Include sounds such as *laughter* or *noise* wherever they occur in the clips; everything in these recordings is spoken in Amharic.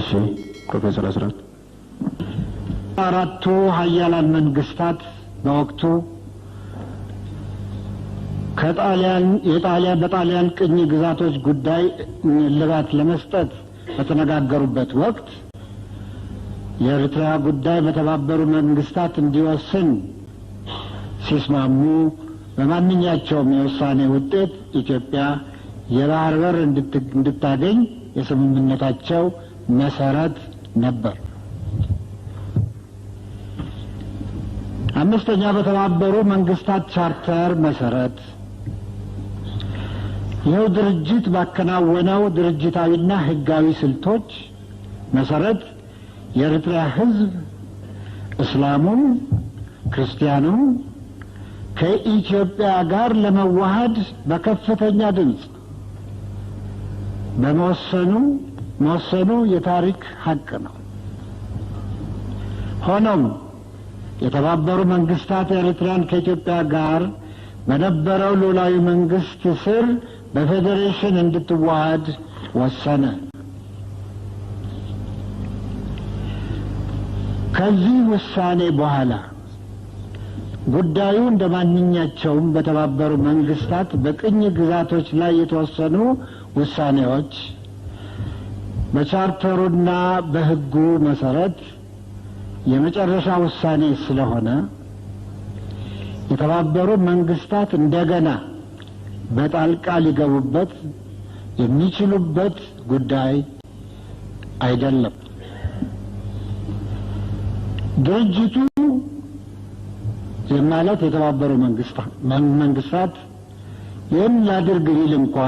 እሺ ፕሮፌሰር አስራት አራቱ ሀያላን መንግስታት በወቅቱ ከጣሊያን የጣሊያን በጣሊያን ቅኝ ግዛቶች ጉዳይ ልባት ለመስጠት በተነጋገሩበት ወቅት የኤርትራ ጉዳይ በተባበሩ መንግስታት እንዲወስን ሲስማሙ በማንኛቸውም የውሳኔ ውጤት ኢትዮጵያ የባህር በር እንድታገኝ የስምምነታቸው መሰረት ነበር። አምስተኛ በተባበሩ መንግስታት ቻርተር መሰረት ይኸው ድርጅት ባከናወነው ድርጅታዊና ህጋዊ ስልቶች መሰረት የኤርትራ ህዝብ እስላሙም ክርስቲያኑም ከኢትዮጵያ ጋር ለመዋሃድ በከፍተኛ ድምፅ በመወሰኑ መወሰኑ የታሪክ ሀቅ ነው። ሆኖም የተባበሩ መንግስታት ኤርትራን ከኢትዮጵያ ጋር በነበረው ሉላዊ መንግስት ስር በፌዴሬሽን እንድትዋሃድ ወሰነ። ከዚህ ውሳኔ በኋላ ጉዳዩ እንደ ማንኛቸውም በተባበሩ መንግስታት በቅኝ ግዛቶች ላይ የተወሰኑ ውሳኔዎች በቻርተሩና በሕጉ መሰረት የመጨረሻ ውሳኔ ስለሆነ የተባበሩ መንግስታት እንደገና በጣልቃ ሊገቡበት የሚችሉበት ጉዳይ አይደለም። ድርጅቱ የማለት የተባበሩ መንግስታት ይህን ላድርግ ሊል እንኳ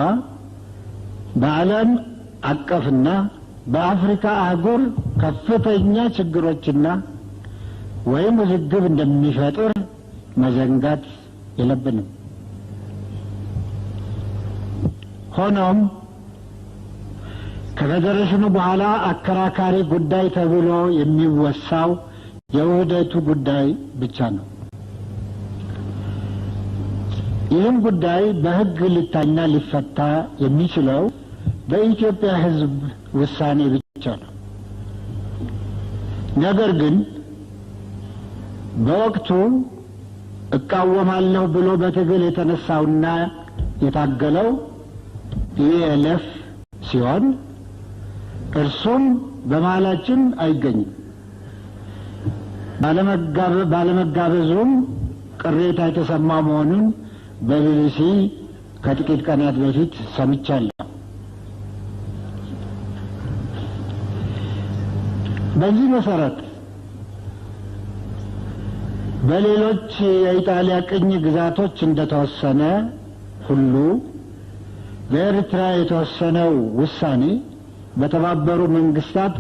በዓለም አቀፍና በአፍሪካ አህጉር ከፍተኛ ችግሮችና ወይም ውዝግብ እንደሚፈጥር መዘንጋት የለብንም። ሆኖም ከፌዴሬሽኑ በኋላ አከራካሪ ጉዳይ ተብሎ የሚወሳው የውህደቱ ጉዳይ ብቻ ነው። ይህም ጉዳይ በሕግ ሊታይና ሊፈታ የሚችለው በኢትዮጵያ ሕዝብ ውሳኔ ብቻ ነው። ነገር ግን በወቅቱ እቃወማለሁ ብሎ በትግል የተነሳውና የታገለው ኢኤልኤፍ ሲሆን እርሱም በመሀላችን አይገኝም። ባለመጋበዙም ቅሬታ የተሰማ መሆኑን በቢቢሲ ከጥቂት ቀናት በፊት ሰምቻለሁ። በዚህ መሰረት በሌሎች የኢጣሊያ ቅኝ ግዛቶች እንደተወሰነ ሁሉ በኤርትራ የተወሰነው ውሳኔ በተባበሩ መንግስታት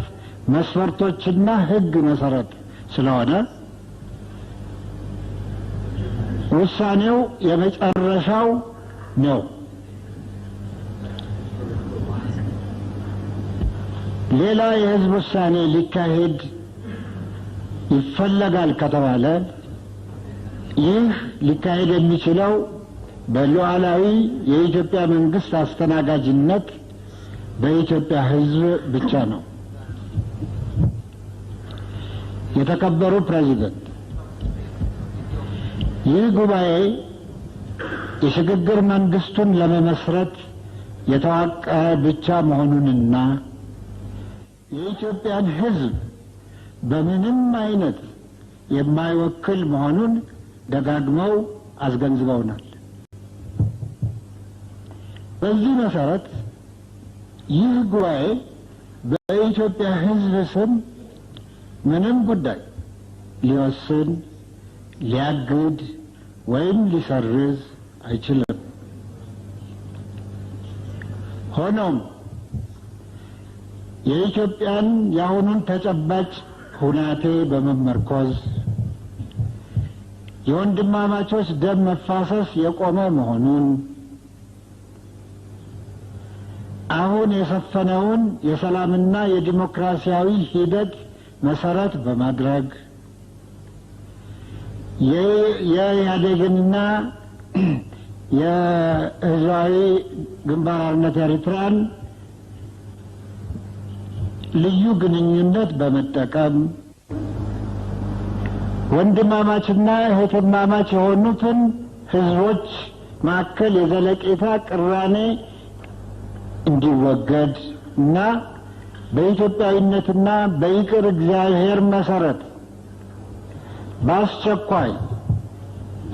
መስፈርቶችና ሕግ መሰረት ስለሆነ ውሳኔው የመጨረሻው ነው። ሌላ የህዝብ ውሳኔ ሊካሄድ ይፈለጋል ከተባለ ይህ ሊካሄድ የሚችለው በሉዓላዊ የኢትዮጵያ መንግስት አስተናጋጅነት በኢትዮጵያ ህዝብ ብቻ ነው። የተከበሩ ፕሬዚደንት፣ ይህ ጉባኤ የሽግግር መንግስቱን ለመመስረት የተዋቀ ብቻ መሆኑንና የኢትዮጵያን ሕዝብ በምንም አይነት የማይወክል መሆኑን ደጋግመው አስገንዝበውናል። በዚህ መሰረት ይህ ጉባኤ በኢትዮጵያ ሕዝብ ስም ምንም ጉዳይ ሊወስን፣ ሊያግድ ወይም ሊሰርዝ አይችልም። ሆኖም የኢትዮጵያን የአሁኑን ተጨባጭ ሁናቴ በመመርኮዝ የወንድማማቾች ደም መፋሰስ የቆመ መሆኑን አሁን የሰፈነውን የሰላምና የዲሞክራሲያዊ ሂደት መሰረት በማድረግ የኢህአዴግንና *clears throat* የህዝባዊ ግንባር ሓርነት ኤርትራን ልዩ ግንኙነት በመጠቀም ወንድማማችና እህትማማች የሆኑትን ህዝቦች መካከል የዘለቄታ ቅራኔ እንዲወገድ እና በኢትዮጵያዊነትና በይቅር እግዚአብሔር መሰረት በአስቸኳይ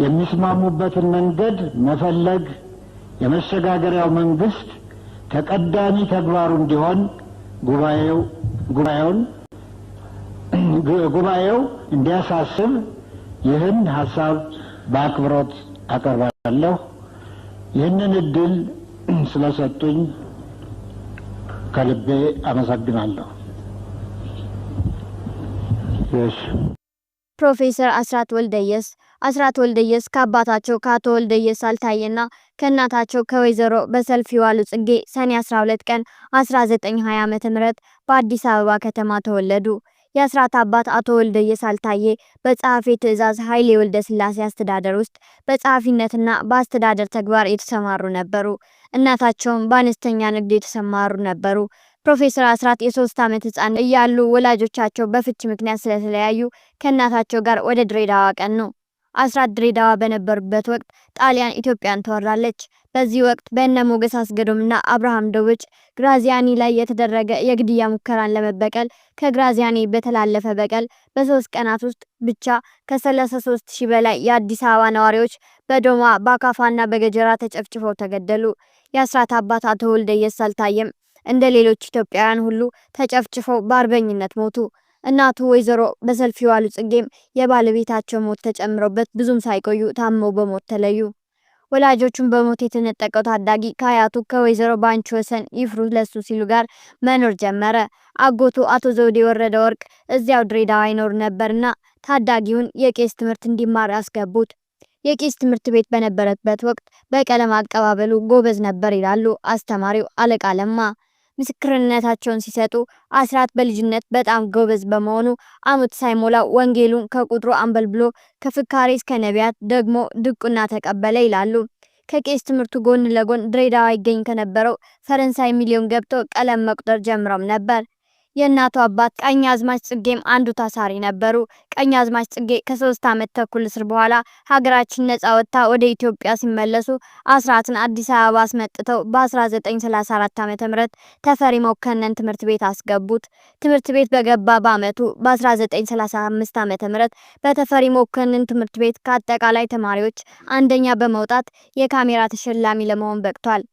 የሚስማሙበትን መንገድ መፈለግ የመሸጋገሪያው መንግስት ተቀዳሚ ተግባሩ እንዲሆን ጉባኤው ጉባኤውን ጉባኤው እንዲያሳስብ ይህን ሀሳብ በአክብሮት አቀርባለሁ። ይህንን እድል ስለሰጡኝ ከልቤ አመሰግናለሁ። ፕሮፌሰር አስራት ወልደየስ አስራት ወልደየስ ከአባታቸው ከአቶ ወልደየስ አልታየና ከእናታቸው ከወይዘሮ በሰልፍ ይዋሉ ጽጌ ሰኔ 12 ቀን 1920 ዓ.ም በአዲስ አበባ ከተማ ተወለዱ። የአስራት አባት አቶ ወልደየስ አልታየ በጸሐፊ ትእዛዝ ኃይሌ ወልደ ስላሴ አስተዳደር ውስጥ በጸሐፊነትና በአስተዳደር ተግባር የተሰማሩ ነበሩ። እናታቸውም በአነስተኛ ንግድ የተሰማሩ ነበሩ። ፕሮፌሰር አስራት የሶስት ዓመት ህፃን እያሉ ወላጆቻቸው በፍች ምክንያት ስለተለያዩ ከእናታቸው ጋር ወደ ድሬዳዋ ቀን ነው። አስራት ድሬዳዋ በነበሩበት ወቅት ጣሊያን ኢትዮጵያን ተወራለች። በዚህ ወቅት በእነ ሞገስ አስገዶምና አብርሃም ደውጭ ግራዚያኒ ላይ የተደረገ የግድያ ሙከራን ለመበቀል ከግራዚያኒ በተላለፈ በቀል በሶስት ቀናት ውስጥ ብቻ ከ33 ሺህ በላይ የአዲስ አበባ ነዋሪዎች በዶማ በአካፋና በገጀራ ተጨፍጭፈው ተገደሉ። የአስራት አባት አቶ ወልደየስ አልታየም እንደ ሌሎች ኢትዮጵያውያን ሁሉ ተጨፍጭፈው በአርበኝነት ሞቱ። እናቱ ወይዘሮ በሰልፍ የዋሉ ጽጌም የባለቤታቸው ሞት ተጨምሮበት ብዙም ሳይቆዩ ታመው በሞት ተለዩ። ወላጆቹን በሞት የተነጠቀው ታዳጊ ከአያቱ ከወይዘሮ ባንቺ ወሰን ይፍሩ ለሱ ሲሉ ጋር መኖር ጀመረ። አጎቱ አቶ ዘውዴ ወረደ ወርቅ እዚያው ድሬዳዋ ይኖር ነበርና ታዳጊውን የቄስ ትምህርት እንዲማር አስገቡት። የቄስ ትምህርት ቤት በነበረበት ወቅት በቀለም አቀባበሉ ጎበዝ ነበር ይላሉ አስተማሪው አለቃ ለማ። ምስክርነታቸውን ሲሰጡ አስራት በልጅነት በጣም ጎበዝ በመሆኑ ዓመት ሳይሞላ ወንጌሉን ከቁጥሩ አንበልብሎ ከፍካሬ እስከ ነቢያት ደግሞ ድቁና ተቀበለ ይላሉ። ከቄስ ትምህርቱ ጎን ለጎን ድሬዳዋ ይገኝ ከነበረው ፈረንሳይ ሚሊዮን ገብቶ ቀለም መቁጠር ጀምረም ነበር። የእናቱ አባት ቀኝ አዝማች ጽጌም አንዱ ታሳሪ ነበሩ። ቀኝ አዝማች ጽጌ ከሶስት ዓመት ተኩል እስር በኋላ ሀገራችን ነጻ ወጥታ ወደ ኢትዮጵያ ሲመለሱ አስራትን አዲስ አበባ አስመጥተው በ1934 ዓ ም ተፈሪ መኮንን ትምህርት ቤት አስገቡት። ትምህርት ቤት በገባ በአመቱ በ1935 ዓ ም በተፈሪ መኮንን ትምህርት ቤት ከአጠቃላይ ተማሪዎች አንደኛ በመውጣት የካሜራ ተሸላሚ ለመሆን በቅቷል።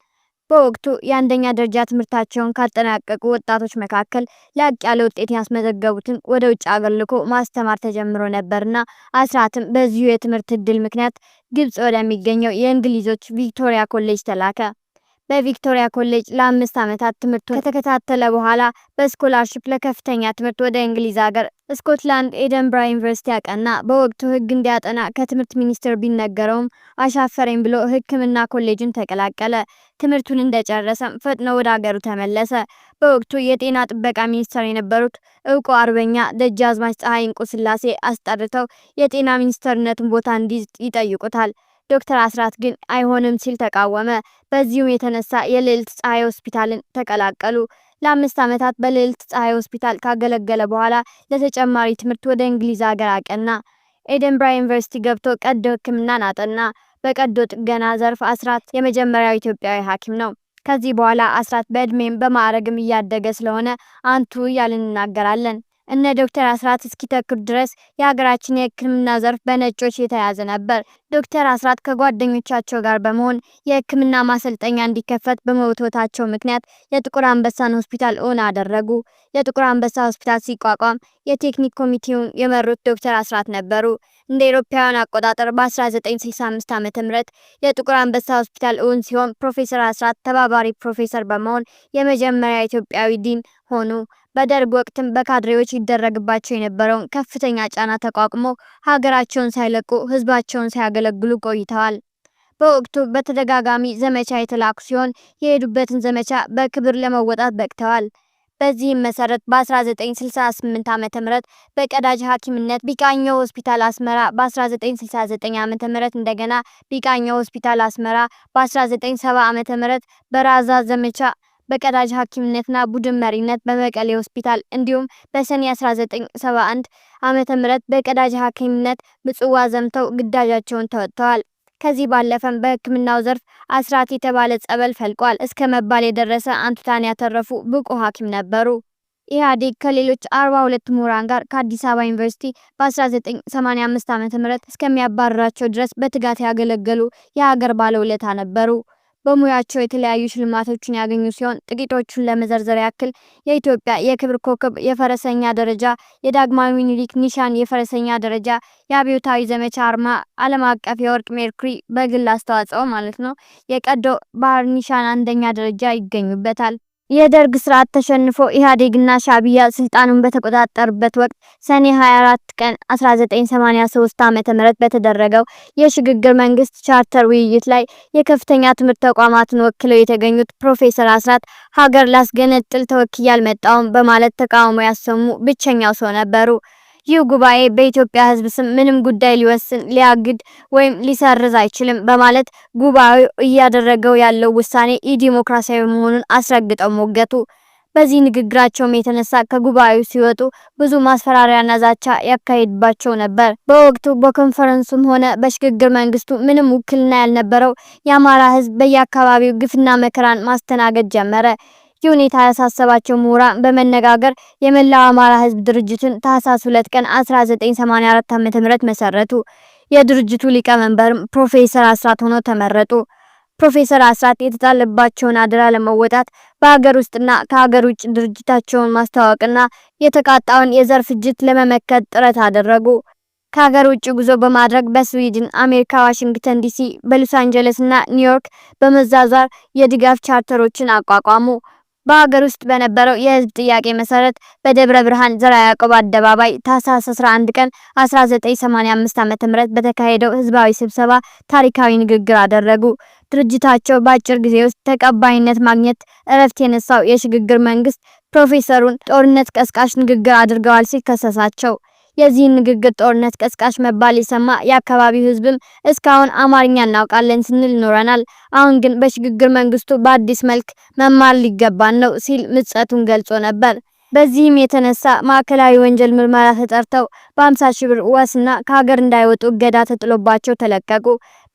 በወቅቱ የአንደኛ ደረጃ ትምህርታቸውን ካጠናቀቁ ወጣቶች መካከል ላቅ ያለ ውጤት ያስመዘገቡትን ወደ ውጭ አገር ልኮ ማስተማር ተጀምሮ ነበርና አስራትም በዚሁ የትምህርት እድል ምክንያት ግብጽ ወደሚገኘው የእንግሊዞች ቪክቶሪያ ኮሌጅ ተላከ። በቪክቶሪያ ኮሌጅ ለአምስት ዓመታት ትምህርቱ ከተከታተለ በኋላ በስኮላርሽፕ ለከፍተኛ ትምህርት ወደ እንግሊዝ ሀገር ስኮትላንድ ኤደንብራ ዩኒቨርሲቲ ያቀና። በወቅቱ ሕግ እንዲያጠና ከትምህርት ሚኒስቴር ቢነገረውም አሻፈረኝ ብሎ ሕክምና ኮሌጅን ተቀላቀለ። ትምህርቱን እንደጨረሰም ፈጥኖ ወደ ሀገሩ ተመለሰ። በወቅቱ የጤና ጥበቃ ሚኒስተር የነበሩት እውቁ አርበኛ ደጃዝማች ፀሐይ እንቁ ስላሴ አስጠርተው የጤና ሚኒስተርነቱን ቦታ እንዲይዝ ይጠይቁታል። ዶክተር አስራት ግን አይሆንም ሲል ተቃወመ። በዚሁም የተነሳ የልዕልት ፀሐይ ሆስፒታልን ተቀላቀሉ። ለአምስት ዓመታት በልዕልት ፀሐይ ሆስፒታል ካገለገለ በኋላ ለተጨማሪ ትምህርት ወደ እንግሊዝ ሀገር አቀና። ኤደንብራ ዩኒቨርሲቲ ገብቶ ቀዶ ሕክምናን አጠና። በቀዶ ጥገና ዘርፍ አስራት የመጀመሪያው ኢትዮጵያዊ ሐኪም ነው። ከዚህ በኋላ አስራት በእድሜም በማዕረግም እያደገ ስለሆነ አንቱ እያልን እናገራለን። እነ ዶክተር አስራት እስኪተክሉ ድረስ የሀገራችን የህክምና ዘርፍ በነጮች የተያዘ ነበር። ዶክተር አስራት ከጓደኞቻቸው ጋር በመሆን የሕክምና ማሰልጠኛ እንዲከፈት በመውቶታቸው ምክንያት የጥቁር አንበሳን ሆስፒታል እውን አደረጉ። የጥቁር አንበሳ ሆስፒታል ሲቋቋም የቴክኒክ ኮሚቴውን የመሩት ዶክተር አስራት ነበሩ። እንደ ኢሮፓውያን አቆጣጠር በ1965 ዓ ም የጥቁር አንበሳ ሆስፒታል እውን ሲሆን ፕሮፌሰር አስራት ተባባሪ ፕሮፌሰር በመሆን የመጀመሪያ ኢትዮጵያዊ ዲን ሆኑ። በደርግ ወቅትም በካድሬዎች ይደረግባቸው የነበረውን ከፍተኛ ጫና ተቋቁሞ ሀገራቸውን ሳይለቁ ህዝባቸውን ሳያገ ሲያገለግሉ ቆይተዋል። በወቅቱ በተደጋጋሚ ዘመቻ የተላኩ ሲሆን የሄዱበትን ዘመቻ በክብር ለመወጣት በቅተዋል። በዚህም መሰረት በ1968 ዓ ም በቀዳጅ ሐኪምነት ቢቃኞ ሆስፒታል አስመራ፣ በ1969 ዓ ም እንደገና ቢቃኞ ሆስፒታል አስመራ፣ በ1970 ዓ ም በራዛ ዘመቻ በቀዳጅ ሐኪምነትና ቡድን መሪነት በመቀሌ ሆስፒታል እንዲሁም በሰኔ 1971 ዓ ም በቀዳጅ ሐኪምነት ምጽዋ ዘምተው ግዳጃቸውን ተወጥተዋል። ከዚህ ባለፈም በሕክምናው ዘርፍ አስራት የተባለ ጸበል ፈልቋል እስከ መባል የደረሰ አንቱታን ያተረፉ ብቁ ሐኪም ነበሩ። ኢህአዴግ ከሌሎች 42 ምሁራን ጋር ከአዲስ አበባ ዩኒቨርሲቲ በ1985 ም እስከሚያባረራቸው ድረስ በትጋት ያገለገሉ የሀገር ባለውለታ ነበሩ። በሙያቸው የተለያዩ ሽልማቶችን ያገኙ ሲሆን ጥቂቶቹን ለመዘርዘር ያክል የኢትዮጵያ የክብር ኮከብ የፈረሰኛ ደረጃ፣ የዳግማዊ ምኒልክ ኒሻን የፈረሰኛ ደረጃ፣ የአብዮታዊ ዘመቻ አርማ፣ ዓለም አቀፍ የወርቅ ሜርኩሪ በግል አስተዋጽኦ ማለት ነው፣ የቀዶ ባህር ኒሻን አንደኛ ደረጃ ይገኙበታል። የደርግ ስርዓት ተሸንፎ ኢህአዴግና ሻቢያ ስልጣኑን በተቆጣጠሩበት ወቅት ሰኔ 24 ቀን 1983 ዓ.ም በተደረገው የሽግግር መንግስት ቻርተር ውይይት ላይ የከፍተኛ ትምህርት ተቋማትን ወክለው የተገኙት ፕሮፌሰር አስራት ሀገር ላስገነጥል ተወክያል አልመጣሁም በማለት ተቃውሞ ያሰሙ ብቸኛው ሰው ነበሩ። ይህ ጉባኤ በኢትዮጵያ ሕዝብ ስም ምንም ጉዳይ ሊወስን ሊያግድ ወይም ሊሰርዝ አይችልም በማለት ጉባኤው እያደረገው ያለው ውሳኔ ኢዲሞክራሲያዊ መሆኑን አስረግጠው ሞገቱ። በዚህ ንግግራቸውም የተነሳ ከጉባኤው ሲወጡ ብዙ ማስፈራሪያና ዛቻ ያካሄድባቸው ነበር። በወቅቱ በኮንፈረንሱም ሆነ በሽግግር መንግስቱ ምንም ውክልና ያልነበረው የአማራ ህዝብ በየአካባቢው ግፍና መከራን ማስተናገድ ጀመረ። ሁኔታ ያሳሰባቸው ምሁራን በመነጋገር የመላው አማራ ህዝብ ድርጅትን ታህሳስ 2 ቀን 1984 ዓ.ም መሰረቱ። የድርጅቱ ሊቀመንበር ፕሮፌሰር አስራት ሆነው ተመረጡ። ፕሮፌሰር አስራት የተጣለባቸውን አደራ ለመወጣት በሀገር ውስጥና ከሀገር ውጭ ድርጅታቸውን ማስተዋወቅና የተቃጣውን የዘር ፍጅት ለመመከት ጥረት አደረጉ። ከሀገር ውጭ ጉዞ በማድረግ በስዊድን፣ አሜሪካ፣ ዋሽንግተን ዲሲ፣ በሎስ አንጀለስ እና ኒውዮርክ በመዛዛር የድጋፍ ቻርተሮችን አቋቋሙ። በሀገር ውስጥ በነበረው የህዝብ ጥያቄ መሰረት በደብረ ብርሃን ዘርዓ ያዕቆብ አደባባይ ታህሳስ 11 ቀን 1985 ዓ.ም በተካሄደው ህዝባዊ ስብሰባ ታሪካዊ ንግግር አደረጉ። ድርጅታቸው በአጭር ጊዜ ውስጥ ተቀባይነት ማግኘት እረፍት የነሳው የሽግግር መንግስት ፕሮፌሰሩን ጦርነት ቀስቃሽ ንግግር አድርገዋል ሲል ከሰሳቸው የዚህን ንግግር ጦርነት ቀስቃሽ መባል የሰማ የአካባቢው ህዝብም እስካሁን አማርኛ እናውቃለን ስንል ኖረናል። አሁን ግን በሽግግር መንግስቱ በአዲስ መልክ መማር ሊገባን ነው ሲል ምጸቱን ገልጾ ነበር። በዚህም የተነሳ ማዕከላዊ ወንጀል ምርመራ ተጠርተው በ50 ሺህ ብር ዋስና ከሀገር እንዳይወጡ እገዳ ተጥሎባቸው ተለቀቁ።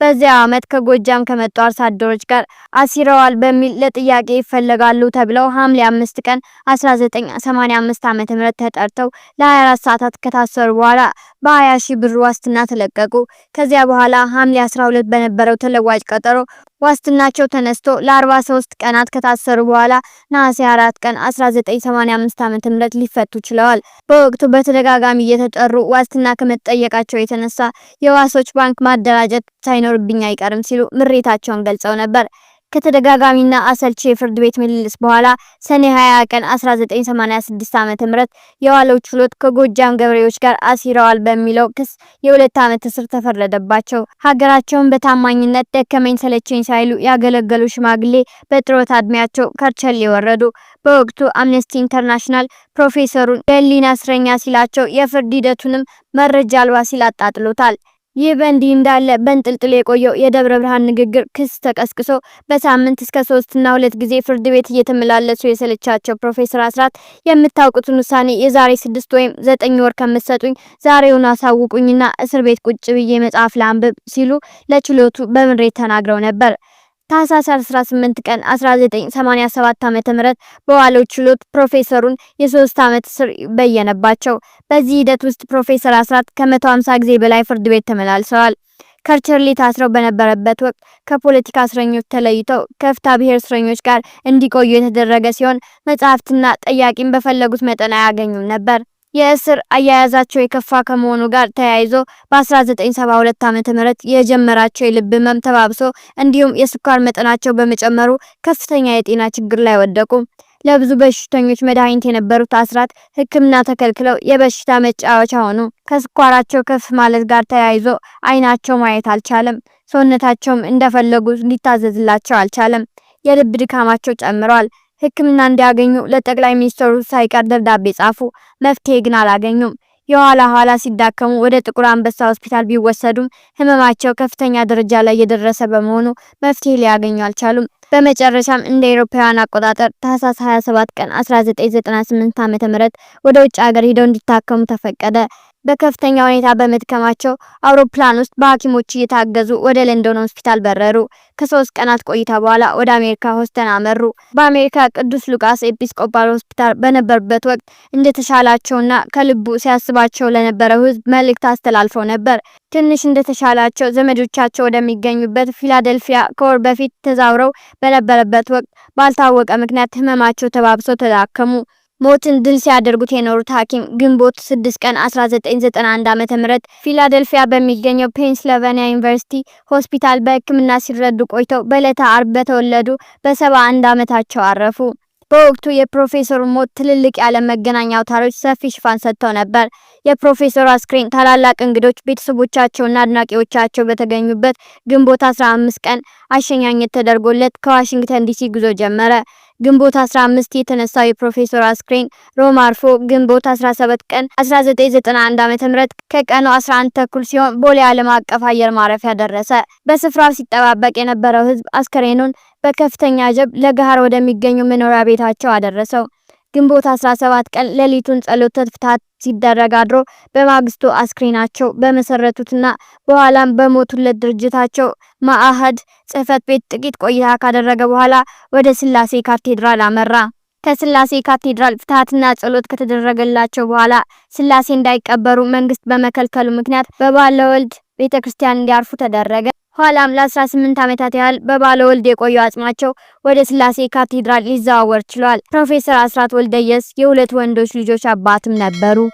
በዚያ ዓመት ከጎጃም ከመጡ አርሶ አደሮች ጋር አሲረዋል በሚል ለጥያቄ ይፈለጋሉ ተብለው ሐምሌ 5 ቀን 1985 ዓ.ም ተጠርተው ለ24 ሰዓታት ከታሰሩ በኋላ በ20 ሺህ ብር ዋስትና ተለቀቁ። ከዚያ በኋላ ሐምሌ 12 በነበረው ተለዋጭ ቀጠሮ ዋስትናቸው ተነስቶ ለ43 ቀናት ከታሰሩ በኋላ ነሐሴ 4 ቀን 1985 ዓ.ም ሊፈቱ ችለዋል። በወቅቱ በተደጋጋሚ እየተጠሩ ዋስትና ከመጠየቃቸው የተነሳ የዋሶች ባንክ ማደራጀት ሳይኖርብኝ አይቀርም ሲሉ ምሬታቸውን ገልጸው ነበር። ከተደጋጋሚና አሰልቺ የፍርድ ቤት ምልልስ በኋላ ሰኔ 20 ቀን 1986 ዓ.ም የዋለው ችሎት ከጎጃም ገበሬዎች ጋር አሲረዋል በሚለው ክስ የሁለት ዓመት እስር ተፈረደባቸው። ሀገራቸውን በታማኝነት ደከመኝ ሰለቸኝ ሳይሉ ያገለገሉ ሽማግሌ በጥሮት አድሚያቸው ከርቸል ወረዱ። በወቅቱ አምነስቲ ኢንተርናሽናል ፕሮፌሰሩን የህሊና እስረኛ ሲላቸው የፍርድ ሂደቱንም መረጃ አልባ ሲል አጣጥሎታል። ይህ በእንዲህ እንዳለ በንጥልጥል የቆየው የደብረ ብርሃን ንግግር ክስ ተቀስቅሶ በሳምንት እስከ ሶስትና ሁለት ጊዜ ፍርድ ቤት እየተመላለሱ የሰለቻቸው ፕሮፌሰር አስራት የምታውቁትን ውሳኔ የዛሬ ስድስት ወይም ዘጠኝ ወር ከምትሰጡኝ ዛሬውን አሳውቁኝና እስር ቤት ቁጭ ብዬ መጽሐፍ ላንብብ ሲሉ ለችሎቱ በምሬት ተናግረው ነበር። ታህሳስ 18 ቀን 1987 ዓ.ም በዋለው ችሎት ፕሮፌሰሩን የሶስት ዓመት እስር በየነባቸው። በዚህ ሂደት ውስጥ ፕሮፌሰር አስራት ከ150 ጊዜ በላይ ፍርድ ቤት ተመላልሰዋል። ከርቸሌ ታስረው በነበረበት ወቅት ከፖለቲካ እስረኞች ተለይተው ከፍታ ብሔር እስረኞች ጋር እንዲቆዩ የተደረገ ሲሆን መጽሐፍትና ጠያቂም በፈለጉት መጠን አያገኙም ነበር። የእስር አያያዛቸው የከፋ ከመሆኑ ጋር ተያይዞ በ1972 ዓ ም የጀመራቸው የልብ ህመም ተባብሶ እንዲሁም የስኳር መጠናቸው በመጨመሩ ከፍተኛ የጤና ችግር ላይ ወደቁ። ለብዙ በሽተኞች መድኃኒት የነበሩት አስራት ሕክምና ተከልክለው የበሽታ መጫወቻ ሆኑ። ከስኳራቸው ከፍ ማለት ጋር ተያይዞ አይናቸው ማየት አልቻለም። ሰውነታቸውም እንደፈለጉ ሊታዘዝላቸው አልቻለም። የልብ ድካማቸው ጨምረዋል። ሕክምና እንዲያገኙ ለጠቅላይ ሚኒስትሩ ሳይቀር ደብዳቤ ጻፉ። መፍትሄ ግን አላገኙም። የኋላ ኋላ ሲዳከሙ ወደ ጥቁር አንበሳ ሆስፒታል ቢወሰዱም ህመማቸው ከፍተኛ ደረጃ ላይ የደረሰ በመሆኑ መፍትሄ ሊያገኙ አልቻሉም። በመጨረሻም እንደ አውሮፓውያን አቆጣጠር ታህሳስ 27 ቀን 1998 ዓ.ም ወደ ውጭ ሀገር ሂደው እንዲታከሙ ተፈቀደ። በከፍተኛ ሁኔታ በመድከማቸው አውሮፕላን ውስጥ በሐኪሞች እየታገዙ ወደ ለንደን ሆስፒታል በረሩ። ከሶስት ቀናት ቆይታ በኋላ ወደ አሜሪካ ሆስተን አመሩ። በአሜሪካ ቅዱስ ሉቃስ ኤጲስቆጶስ ሆስፒታል በነበሩበት ወቅት እንደተሻላቸውና ከልቡ ሲያስባቸው ለነበረው ሕዝብ መልእክት አስተላልፈው ነበር። ትንሽ እንደተሻላቸው ዘመዶቻቸው ወደሚገኙበት ፊላደልፊያ ከወር በፊት ተዛውረው በነበረበት ወቅት ባልታወቀ ምክንያት ህመማቸው ተባብሶ ተዳከሙ። ሞትን ድል ሲያደርጉት የኖሩት ሐኪም ግንቦት 6 ቀን 1991 ዓ.ም ፊላደልፊያ በሚገኘው ፔንስልቬንያ ዩኒቨርሲቲ ሆስፒታል በሕክምና ሲረዱ ቆይተው በዕለተ አርብ በተወለዱ በ71 ዓመታቸው አረፉ። በወቅቱ የፕሮፌሰሩ ሞት ትልልቅ የዓለም መገናኛ አውታሮች ሰፊ ሽፋን ሰጥተው ነበር። የፕሮፌሰሩ አስክሬን ታላላቅ እንግዶች፣ ቤተሰቦቻቸውና አድናቂዎቻቸው በተገኙበት ግንቦት 15 ቀን አሸኛኘት ተደርጎለት ከዋሽንግተን ዲሲ ጉዞ ጀመረ። ግንቦት 15 የተነሳው የፕሮፌሰር አስክሬን ሮም አርፎ ግንቦት 17 ቀን 1991 ዓ.ም ከቀኑ 11 ተኩል ሲሆን ቦሌ ዓለም አቀፍ አየር ማረፊያ ደረሰ። በስፍራው ሲጠባበቅ የነበረው ህዝብ አስክሬኑን በከፍተኛ ጀብ ለገሃር ወደሚገኙ መኖሪያ ቤታቸው አደረሰው። ግንቦት 17 ቀን ሌሊቱን ጸሎት ፍትሐት ሲደረግ አድሮ በማግስቱ አስክሬናቸው በመሰረቱትና በኋላም በሞቱለት ድርጅታቸው ማአህድ ጽፈት ቤት ጥቂት ቆይታ ካደረገ በኋላ ወደ ስላሴ ካቴድራል አመራ። ከስላሴ ካቴድራል ፍትሐትና ጸሎት ከተደረገላቸው በኋላ ስላሴ እንዳይቀበሩ መንግስት በመከልከሉ ምክንያት በባለወልድ ቤተክርስቲያን እንዲያርፉ ተደረገ። ኋላም ለ18 ዓመታት ያህል በባለ ወልድ የቆዩ አጽማቸው ወደ ስላሴ ካቴድራል ሊዘዋወር ችሏል። ፕሮፌሰር አስራት ወልደየስ የሁለት ወንዶች ልጆች አባትም ነበሩ።